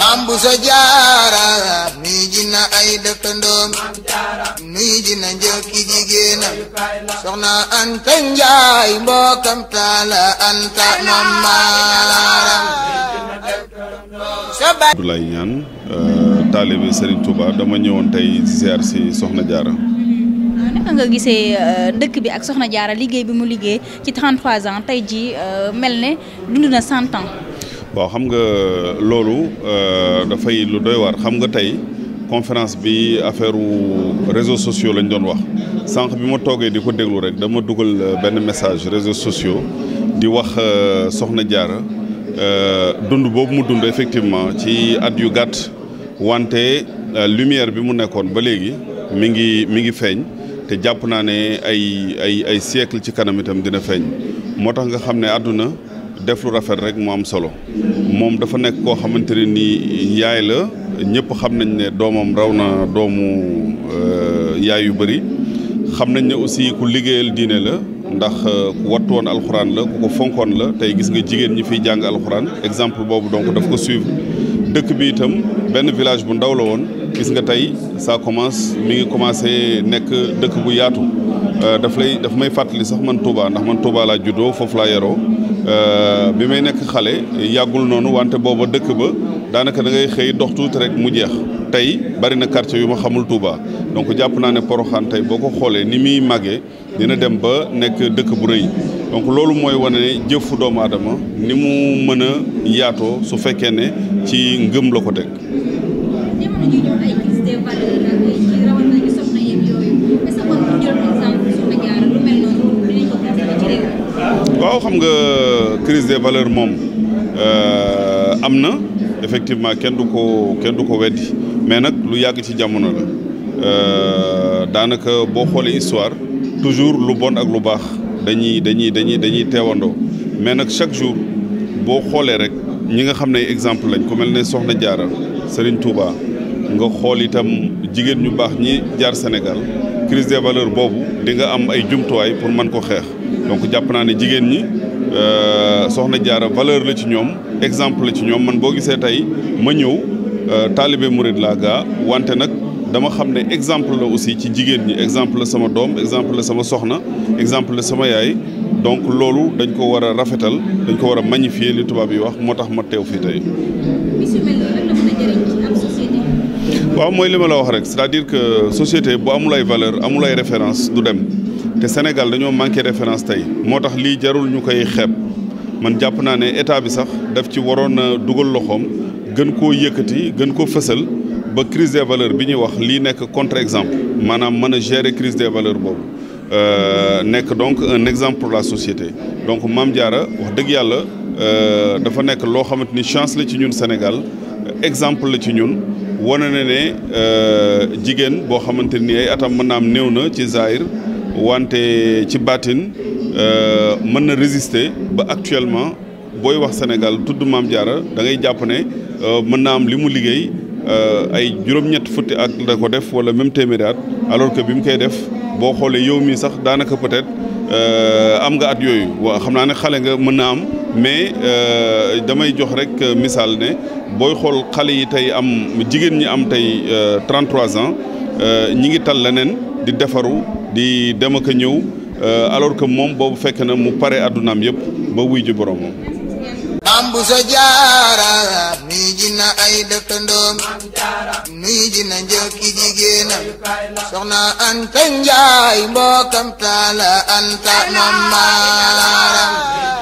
maam bu so jaara nuy ji na ay dëkkandoom nuy ji na njëkki jigéenam soxna Anta Njaay mbokkam taala Anta maam maaram Abdoulaye Niane euh, taalibe Serigne Touba dama ñëwoon tey ziar si soxna jaara ah, naka nga gisee euh, dëkk bi ak soxna jaara liggéey bi mu liggéey ci ans tey ji euh, mel ne dund na ans waaw xam nga loolu euh, dafay lu doy waar xam nga tey conférence bi affaire u réseaux sociaux lañ doon wax sànq bi ma toogee di ko déglu rek dama dugal euh, benn message réseaux sociaux di wax euh, Soxna Diarra dund boobu mu dund effectivement ci at yu gàtt wante lumière bi mu nekkoon ba léegi mi ngi mi ngi feeñ te jàpp naa ne ay ay ay siècle ci kanam itam dina feeñ moo tax nga xam ne àdduna def lu rafet rek mu am solo moom dafa nekk koo xamante ne nii yaay la ñëpp xam nañ ne doomam raw na doomu euh, yaay yu bëri xam nañ ne aussi ku liggéeyal diine la ndax euh, ku wattu woon alxuraan la ku ko fonkoon la tey gis nga jigéen ñi fiy jàng alxuraan exemple boobu donc dafa ko suivre dëkk bi itam benn village bu ndaw la woon gis nga tey ça commence mi ngi commencé nekk dëkk bu yaatu euh, daf lay daf may fàttali sax man Touba ndax man Touba laa juddoo foofu laa yaroo Euh, bi may nekk xale yàggul noonu wante booba dëkk ba daanaka dangay xëy dox tuuti rek mu jeex tey bari na quartier yu ma xamul Touba donc jàpp naa ne Porokhane boo ko xoolee ni muy màggee dina dem ba nekk dëkk bu rëy donc loolu mooy wane jëfu doomu aadama ni mu mën a yaatoo su fekkee ne ci ngëm la ko teg. crise des valeur moom euh, am na effectivement kenn du ko kenn du ko weddi mais nag lu yàgg ci jamono la euh, daanaka boo xoolee histoire toujours lu bon ak lu baax dañuy dañuy dañuy dañuy teewandoo mais nag chaque jour boo xoolee rek ñi nga xam ne exemple lañ ku mel ne Soxna Jaara Serigne Touba nga xool itam jigéen ñu baax ñi jaar Sénégal crise des valeurs boobu dinga am ay jumtuwaay pour man ko xeex donc jàpp naa ne jigéen ñi. Euh, soxna jaara valeur la ci ñoom exemple la ci ñoom man boo gisee tey ma ñëw euh, taalibe murid laa gaa wante nag dama xam ne exemple la aussi ci jigéen ñi exemple la sama doom exemple la sama soxna exemple la sama yaay donc loolu dañ ko war a rafetal dañ ko war a magnifier li tubaab yi wax moo tax ma teew fii tey. waaw mooy li ma la wax rek c'est-à-dire que société bu amul ay valeur amul ay référence du dem. te Sénégal dañoo manqué référence tey moo tax lii jarul ñu koy xeeb man jàpp naa ne état bi sax def ci waroon a dugal loxoom gën koo yëkkati gën koo fësal ba crise des valeurs bi ñuy wax lii nekk contre exemple maanaam mën a gérer crise des valeurs boobu euh, nekk donc un exemple la société donc maam jaara wax dëgg yàlla euh, dafa nekk loo xamante ni chance la ci ñun Sénégal exemple la ci ñun wane na ne euh, jigéen boo xamante ni ay atam mën naa am néew na ci Zaïre wante ci baatin euh, mën na résister ba actuellement booy wax Sénégal tudd Maam Jaara dangay jàpp ne euh, mën na am li mu liggéey euh, ay juróom-ñett futti at da ko def wala même téeméeri at alors que bi mu koy def boo xoolee yow mii sax daanaka peut-être am nga at yooyu waa xam naa ne xale nga mën naa am mais damay jox rek misaal ne booy xool xale yi tey am jigéen ñi am tey 33 ans ñi ngi tal leneen di defaru di dem ak a ñëw euh, alors que moom boobu fekk na mu pare àddunaam yëpp ba wuy ji boroomam sa jaara nuy ji na ay dëkkandoom nuy ji na njëkki jigéenam soxna Anta Njaay mbokkam taala Anta mam